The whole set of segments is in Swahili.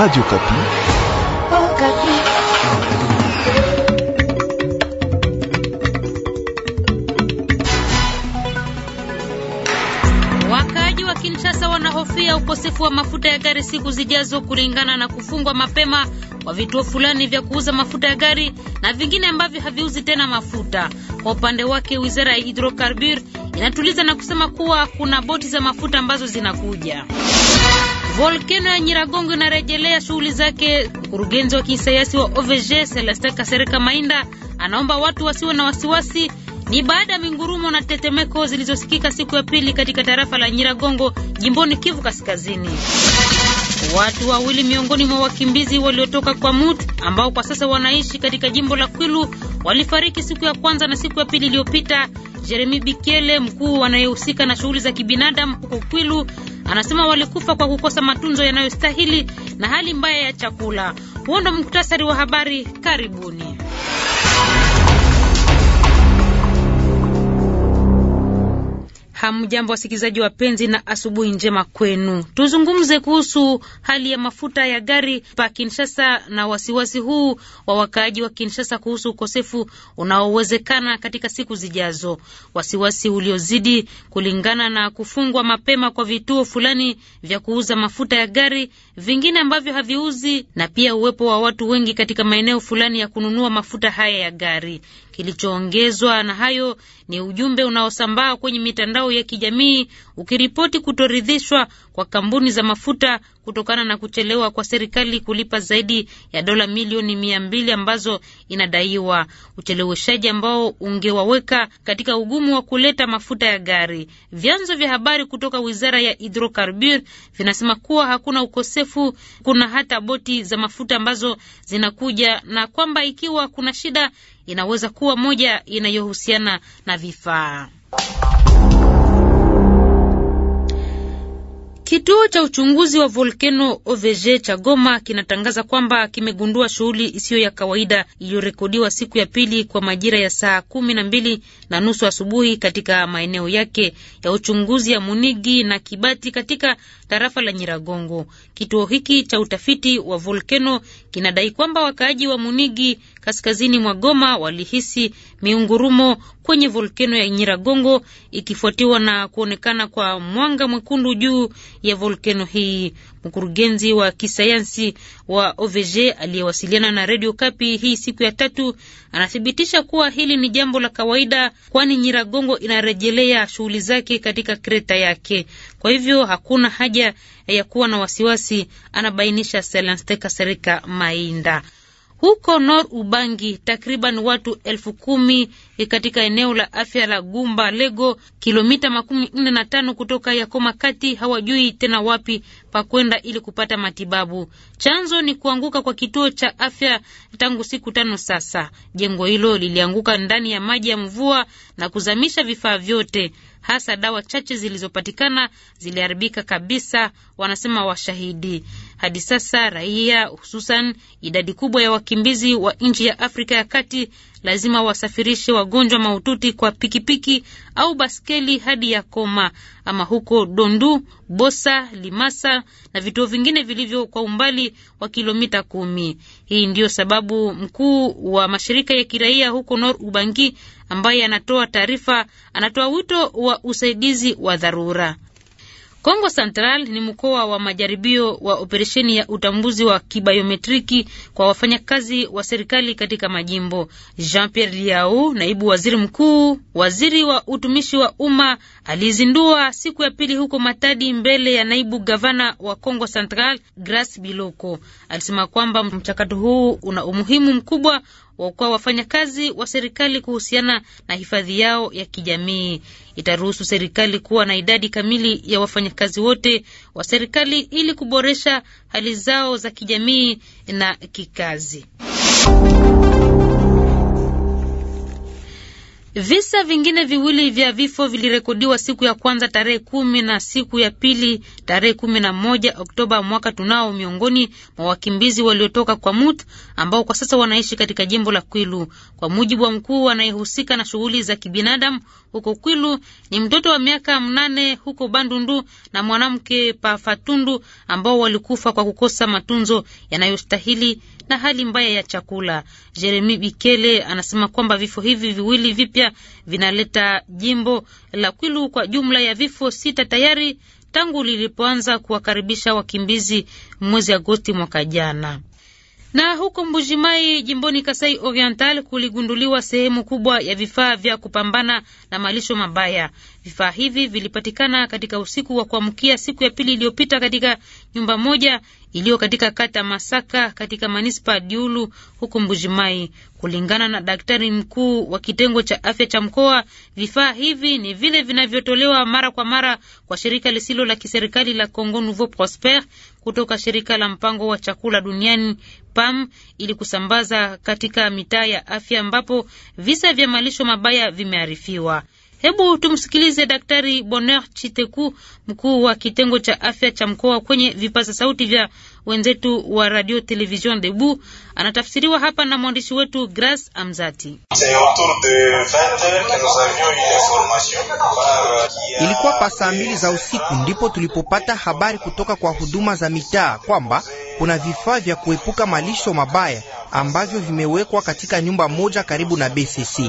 Radio Kapi. Oh, Kapi. Wakaaji wa Kinshasa wanahofia ukosefu wa mafuta ya gari siku zijazo kulingana na kufungwa mapema kwa vituo fulani vya kuuza mafuta ya gari na vingine ambavyo haviuzi tena mafuta. Kwa upande wake, Wizara ya Hidrokarbur inatuliza na kusema kuwa kuna boti za mafuta ambazo zinakuja. Volkeno ya Nyiragongo inarejelea shughuli zake. Mkurugenzi wa kisayansi wa OVG Celestin Kasereka Mainda anaomba watu wasiwe na wasiwasi. Ni baada ya mingurumo na tetemeko zilizosikika siku ya pili katika tarafa la Nyiragongo jimboni Kivu Kaskazini. Watu wawili miongoni mwa wakimbizi waliotoka kwa Mut ambao kwa sasa wanaishi katika jimbo la Kwilu walifariki siku ya kwanza na siku ya pili iliyopita. Jeremi Bikele, mkuu anayehusika na shughuli za kibinadamu huko Kwilu, Anasema walikufa kwa kukosa matunzo yanayostahili na hali mbaya ya chakula. Huo ndo muktasari wa habari. Karibuni. Hamjambo wasikilizaji wapenzi, na asubuhi njema kwenu. Tuzungumze kuhusu hali ya mafuta ya gari pa Kinshasa na wasiwasi huu wa wakaaji wa Kinshasa kuhusu ukosefu unaowezekana katika siku zijazo, wasiwasi uliozidi kulingana na kufungwa mapema kwa vituo fulani vya kuuza mafuta ya gari, vingine ambavyo haviuzi, na pia uwepo wa watu wengi katika maeneo fulani ya kununua mafuta haya ya gari. Kilichoongezwa na hayo ni ujumbe unaosambaa kwenye mitandao mitandao ya kijamii ukiripoti kutoridhishwa kwa kampuni za mafuta kutokana na kuchelewa kwa serikali kulipa zaidi ya dola milioni mia mbili ambazo inadaiwa, ucheleweshaji ambao ungewaweka katika ugumu wa kuleta mafuta ya gari. Vyanzo vya habari kutoka wizara ya hidrokarbur vinasema kuwa hakuna ukosefu, kuna hata boti za mafuta ambazo zinakuja na kwamba ikiwa kuna shida inaweza kuwa moja inayohusiana na vifaa. Kituo cha uchunguzi wa volkeno OVG cha Goma kinatangaza kwamba kimegundua shughuli isiyo ya kawaida iliyorekodiwa siku ya pili kwa majira ya saa kumi na mbili na nusu asubuhi katika maeneo yake ya uchunguzi ya Munigi na Kibati katika tarafa la Nyiragongo. Kituo hiki cha utafiti wa volkeno kinadai kwamba wakaaji wa Munigi kaskazini mwa Goma walihisi miungurumo kwenye volkeno ya Nyiragongo ikifuatiwa na kuonekana kwa mwanga mwekundu juu ya volkeno hii. Mkurugenzi wa kisayansi wa OVG aliyewasiliana na Radio Kapi hii siku ya tatu anathibitisha kuwa hili ni jambo la kawaida, kwani Nyiragongo inarejelea shughuli zake katika kreta yake. Kwa hivyo hakuna haja ya kuwa na wasiwasi, anabainisha Selenste Kasereka Mainda. Huko Nor Ubangi, takriban watu elfu kumi eh, katika eneo la afya la Gumba Lego, kilomita makumi nne na tano kutoka Yakoma kati, hawajui tena wapi pa kwenda ili kupata matibabu. Chanzo ni kuanguka kwa kituo cha afya tangu siku tano sasa. Jengo hilo lilianguka ndani ya maji ya mvua na kuzamisha vifaa vyote, hasa dawa chache zilizopatikana ziliharibika kabisa, wanasema washahidi. Hadi sasa raia, hususan idadi kubwa ya wakimbizi wa nchi ya Afrika ya Kati, lazima wasafirishe wagonjwa mahututi kwa pikipiki au baskeli hadi ya koma ama huko Dondu, Bosa, Limasa na vituo vingine vilivyo kwa umbali wa kilomita kumi. Hii ndiyo sababu mkuu wa mashirika ya kiraia huko Nor Ubangi ambaye anatoa taarifa, anatoa wito wa usaidizi wa dharura. Kongo Central ni mkoa wa majaribio wa operesheni ya utambuzi wa kibayometriki kwa wafanyakazi wa serikali katika majimbo. Jean-Pierre Liau, naibu waziri mkuu, waziri wa utumishi wa umma, alizindua siku ya pili huko Matadi mbele ya naibu gavana wa Kongo Central Grace Biloko. Alisema kwamba mchakato huu una umuhimu mkubwa kwa wafanyakazi wa serikali kuhusiana na hifadhi yao ya kijamii. Itaruhusu serikali kuwa na idadi kamili ya wafanyakazi wote wa serikali ili kuboresha hali zao za kijamii na kikazi. Visa vingine viwili vya vifo vilirekodiwa siku ya kwanza tarehe kumi na siku ya pili tarehe kumi na moja Oktoba mwaka tunao, miongoni mwa wakimbizi waliotoka kwa Mut ambao kwa sasa wanaishi katika jimbo la Kwilu, kwa mujibu wa mkuu anayehusika na shughuli za kibinadamu huko Kwilu. Ni mtoto wa miaka mnane huko Bandundu na mwanamke Pafatundu ambao walikufa kwa kukosa matunzo yanayostahili na hali mbaya ya chakula. Jeremi Bikele anasema kwamba vifo hivi viwili vipya vinaleta jimbo la Kwilu kwa jumla ya vifo sita tayari tangu lilipoanza kuwakaribisha wakimbizi mwezi Agosti mwaka jana. Na huko Mbujimai jimboni Kasai Oriental kuligunduliwa sehemu kubwa ya vifaa vya kupambana na malisho mabaya. Vifaa hivi vilipatikana katika usiku wa kuamkia siku ya pili iliyopita katika nyumba moja iliyo katika kata Masaka katika manispa Diulu huko Mbujimai. Kulingana na daktari mkuu wa kitengo cha afya cha mkoa, vifaa hivi ni vile vinavyotolewa mara kwa mara kwa shirika lisilo la kiserikali la Congo Nouveau Prosper kutoka shirika la mpango wa chakula duniani PAM ili kusambaza katika mitaa ya afya ambapo visa vya malisho mabaya vimearifiwa. Hebu tumsikilize Daktari Bonheur Chiteku, mkuu wa kitengo cha afya cha mkoa, kwenye vipaza sauti vya wenzetu wa Radio Television Debu. Anatafsiriwa hapa na mwandishi wetu Grace Amzati. Ilikuwa pa saa mbili za usiku ndipo tulipopata habari kutoka kwa huduma za mitaa kwamba kuna vifaa vya kuepuka malisho mabaya ambavyo vimewekwa katika nyumba moja karibu na BCC.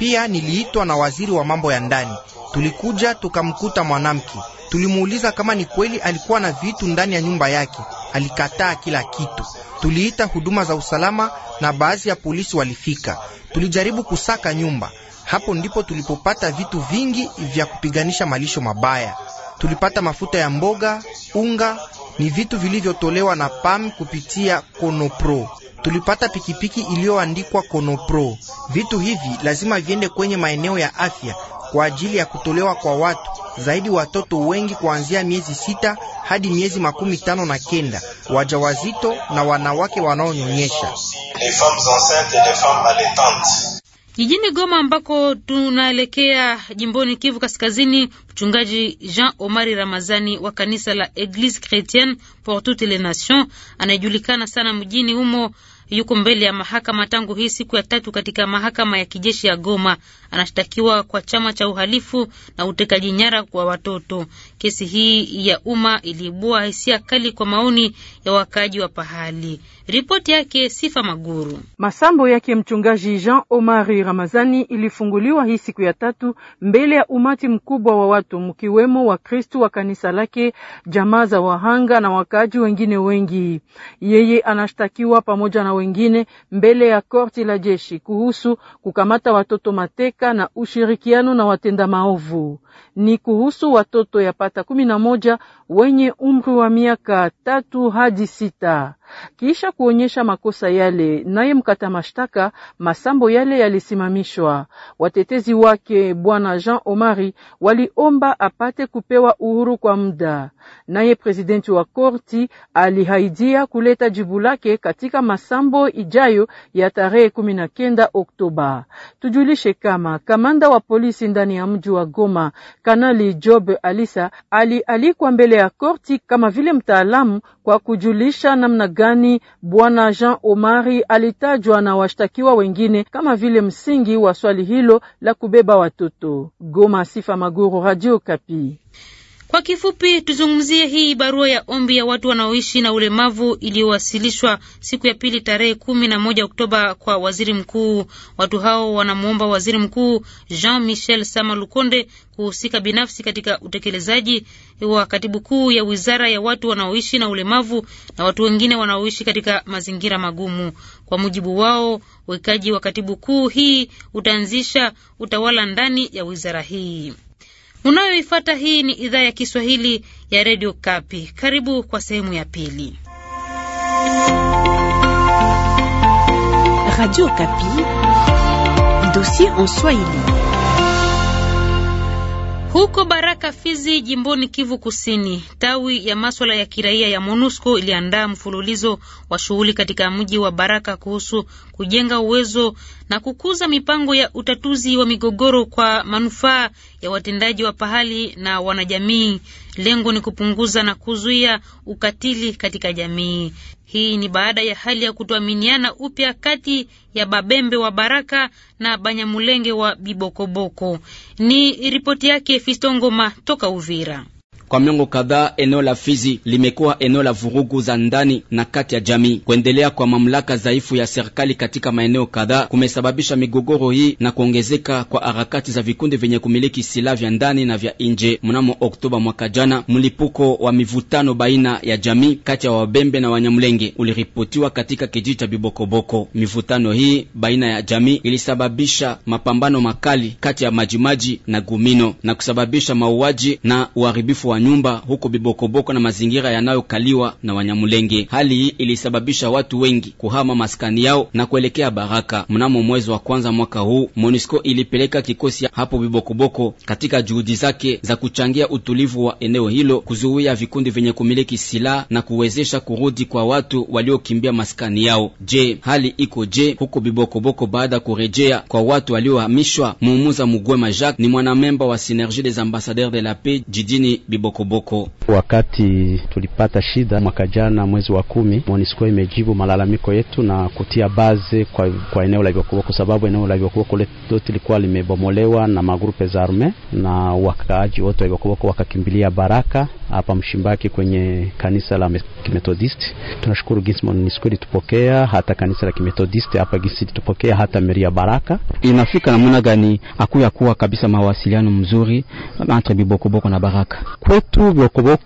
Pia niliitwa na waziri wa mambo ya ndani. Tulikuja tukamkuta mwanamke, tulimuuliza kama ni kweli alikuwa na vitu ndani ya nyumba yake. Alikataa kila kitu. Tuliita huduma za usalama na baadhi ya polisi walifika. Tulijaribu kusaka nyumba. Hapo ndipo tulipopata vitu vingi vya kupiganisha malisho mabaya. Tulipata mafuta ya mboga, unga, ni vitu vilivyotolewa na PAM kupitia Konopro tulipata pikipiki iliyoandikwa Konopro. Vitu hivi lazima viende kwenye maeneo ya afya kwa ajili ya kutolewa kwa watu zaidi watoto wengi kuanzia miezi sita hadi miezi makumi tano na kenda, wajawazito na wanawake wanaonyonyesha. Jijini Goma ambako tunaelekea jimboni Kivu Kaskazini, mchungaji Jean Omari Ramazani wa kanisa la Eglise Chretienne pour toutes les Nations anayejulikana sana mjini humo yuko mbele ya mahakama tangu hii siku ya tatu katika mahakama ya kijeshi ya Goma. Anashtakiwa kwa chama cha uhalifu na utekaji nyara kwa watoto. Kesi hii ya umma iliibua hisia kali kwa maoni ya wakaaji wa pahali. Ripoti yake Sifa Maguru. Masambo yake mchungaji Jean Omari Ramazani ilifunguliwa hii siku ya tatu mbele ya umati mkubwa wa watu, mkiwemo Wakristu wa kanisa lake, jamaa za wahanga na wakaaji wengine wengi. Yeye anashtakiwa pamoja na wengine mbele ya korti la jeshi kuhusu kukamata watoto mateka na ushirikiano na watenda maovu ni kuhusu watoto yapata kumi na moja wenye umri wa miaka tatu hadi sita. Kisha kuonyesha makosa yale, naye mkata mashtaka, masambo yale yalisimamishwa. Watetezi wake bwana Jean Omari waliomba apate kupewa uhuru kwa muda, naye presidenti wa korti alihaidia kuleta jibu lake katika masambo ijayo ya tarehe kumi na kenda Oktoba. Tujulishe kama kamanda wa polisi ndani ya mji wa Goma Kanali Job Alisa alialikwa mbele ya korti kama vile mtaalamu kwa kujulisha namna gani bwana Jean Omari alitajwa na washtakiwa wengine kama vile msingi wa swali hilo la kubeba watoto. Goma, Sifa Maguru, Radio Kapi. Kwa kifupi, tuzungumzie hii barua ya ombi ya watu wanaoishi na ulemavu iliyowasilishwa siku ya pili tarehe kumi na moja Oktoba kwa waziri mkuu. Watu hao wanamwomba waziri mkuu Jean Michel Sama Lukonde kuhusika binafsi katika utekelezaji wa katibu kuu ya wizara ya watu wanaoishi na ulemavu na watu wengine wanaoishi katika mazingira magumu. Kwa mujibu wao, uwekaji wa katibu kuu hii utaanzisha utawala ndani ya wizara hii. Unayoifuata hii ni idhaa ya Kiswahili ya Radio Kapi. Karibu kwa sehemu ya pili. Radio Kapi, dossier en Swahili. Huko Baraka Fizi, jimboni Kivu Kusini, tawi ya maswala ya kiraia ya MONUSCO iliandaa mfululizo wa shughuli katika mji wa Baraka kuhusu kujenga uwezo na kukuza mipango ya utatuzi wa migogoro kwa manufaa ya watendaji wa pahali na wanajamii. Lengo ni kupunguza na kuzuia ukatili katika jamii. Hii ni baada ya hali ya kutoaminiana upya kati ya Babembe wa Baraka na Banyamulenge wa Bibokoboko. Ni ripoti yake Fistongoma toka Uvira. Kwa miongo kadhaa, eneo la Fizi limekuwa eneo la vurugu za ndani na kati ya jamii. Kuendelea kwa mamlaka dhaifu ya serikali katika maeneo kadhaa kumesababisha migogoro hii na kuongezeka kwa harakati za vikundi vyenye kumiliki silaha vya ndani na vya nje. Mnamo Oktoba mwaka jana, mlipuko wa mivutano baina ya jamii kati ya Wabembe na Wanyamulenge uliripotiwa katika kijiji cha Bibokoboko. Mivutano hii baina ya jamii ilisababisha mapambano makali kati ya Majimaji na Gumino na kusababisha mauaji na uharibifu wa manyumba huko Bibokoboko na mazingira yanayokaliwa na Wanyamulenge. Hali hii ilisababisha watu wengi kuhama maskani yao na kuelekea Baraka. Mnamo mwezi wa kwanza mwaka huu, MONUSCO ilipeleka kikosi hapo Bibokoboko katika juhudi zake za kuchangia utulivu wa eneo hilo, kuzuia vikundi vyenye kumiliki silaha na kuwezesha kurudi kwa watu waliokimbia maskani yao. Je, hali iko je huko Bibokoboko baada ya kurejea kwa watu waliohamishwa? Muumuza Mugwema Jacques ni mwanamemba wa Synergie des Ambassadeurs de la Paix jijini Bibokoboko. Bukubuku. Wakati tulipata shida mwaka jana mwezi wa kumi, Monisco imejibu malalamiko yetu na kutia baze kwa, kwa eneo la Bukubuku kwa sababu eneo la Bukubuku lote likuwa limebomolewa na magrupe za arme na wakaaji wote wa Bukubuku wakakimbilia Baraka hapa Mshimbaki kwenye kanisa la Kimethodisti. Tunashukuru jinsi Monisco litupokea hata kanisa la Kimethodisti hapa jinsi litupokea hata meria Baraka. Inafika namna gani akuya kuwa kabisa mawasiliano mzuri entre Bibokoboko na Baraka kwa wetu vya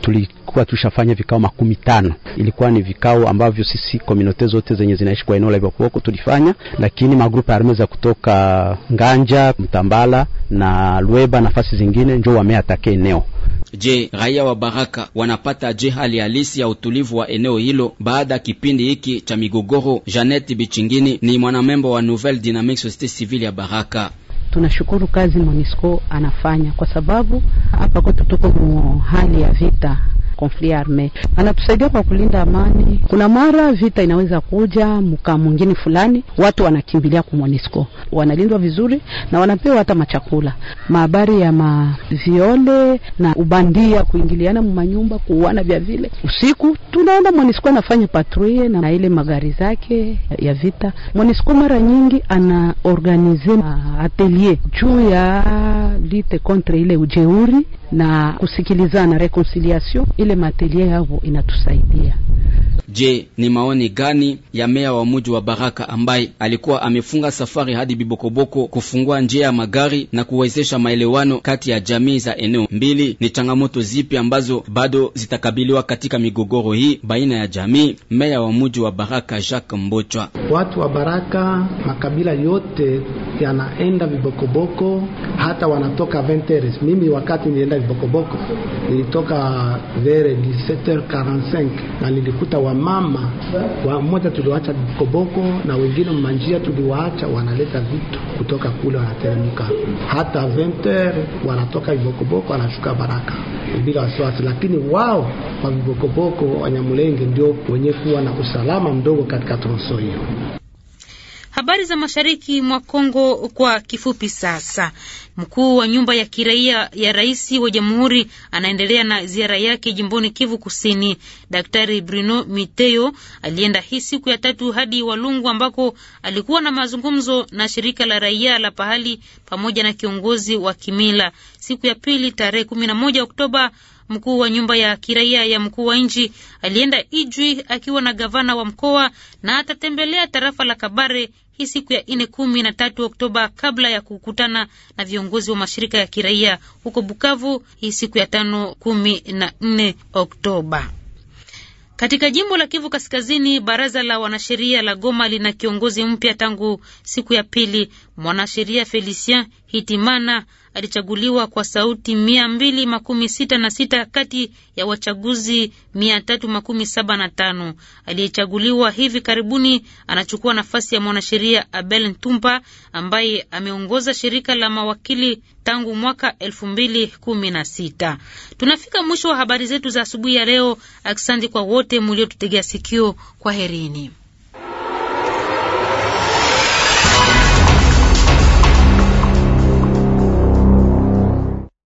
tulikuwa tushafanya vikao makumi tano. Ilikuwa ni vikao ambavyo sisi komunote zote zenye zinaishi kwa eneo la Okoboko tulifanya, lakini magrupu ya arme za kutoka Nganja, Mtambala na Lweba nafasi zingine njo wameatake eneo. Je, raia wa Baraka wanapata je hali halisi ya utulivu wa eneo hilo baada ya kipindi hiki cha migogoro? Janet Bichingini ni mwanamembo wa Nouvelle Dynamique Société Civile ya Baraka tunashukuru kazi MONUSCO anafanya kwa sababu hapa kwetu tuko mu hali ya vita konflit arme. Anatusaidia kwa kulinda amani. Kuna mara vita inaweza kuja mkaa mwingine fulani, watu wanakimbilia ku Monisco, wanalindwa vizuri na wanapewa hata machakula. Mahabari ya maviole na ubandia, kuingiliana mumanyumba, kuuana vya vile, usiku tunaenda Monisco anafanya patrouille na ile magari zake ya vita. Monisco mara nyingi ana organize atelier juu ya lite contre ile ujeuri na kusikilizana, reconciliation ile matelie yavo inatusaidia. Je, ni maoni gani ya meya wa muji wa Baraka ambaye alikuwa amefunga safari hadi Bibokoboko kufungua njia ya magari na kuwezesha maelewano kati ya jamii za eneo mbili? Ni changamoto zipi ambazo bado zitakabiliwa katika migogoro hii baina ya jamii? Meya wa muji wa Baraka Jacques Mbochwa: watu wa Baraka makabila yote yanaenda vibokoboko, hata wanatoka venteres. Mimi wakati nilienda vibokoboko, nilitoka vere 17:45 na nilikuta wamama wamoja tuliwaacha vibokoboko, na wengine mmanjia tuliwaacha wanaleta vitu kutoka kule, wanateremka hata venter, wanatoka vibokoboko wanashuka Baraka bila wasiwasi. Lakini wao kwa vibokoboko Wanyamulenge ndio wenye kuwa na usalama mdogo katika tronso hiyo. Habari za mashariki mwa Kongo kwa kifupi sasa. Mkuu wa nyumba ya kiraia ya rais wa jamhuri anaendelea na ziara yake jimboni Kivu Kusini. Daktari Bruno Miteo alienda hii siku ya tatu hadi Walungu, ambako alikuwa na mazungumzo na shirika la raia la pahali pamoja na kiongozi wa kimila. Siku ya pili tarehe kumi na moja Oktoba, mkuu wa nyumba ya kiraia ya mkuu wa nchi alienda Ijwi akiwa na gavana wa mkoa na atatembelea tarafa la Kabare hii siku ya ine kumi na tatu Oktoba kabla ya kukutana na viongozi wa mashirika ya kiraia huko Bukavu hii siku ya tano kumi na nne Oktoba. Katika jimbo la Kivu Kaskazini, baraza la wanasheria la Goma lina kiongozi mpya tangu siku ya pili. Mwanasheria Felicien Hitimana alichaguliwa kwa sauti mia mbili makumi sita na sita kati ya wachaguzi mia tatu makumi saba na tano. Aliyechaguliwa hivi karibuni anachukua nafasi ya mwanasheria Abel Ntumpa ambaye ameongoza shirika la mawakili tangu mwaka elfu mbili kumi na sita. Tunafika mwisho wa habari zetu za asubuhi ya leo. Asante kwa wote muliotutegea sikio. kwa herini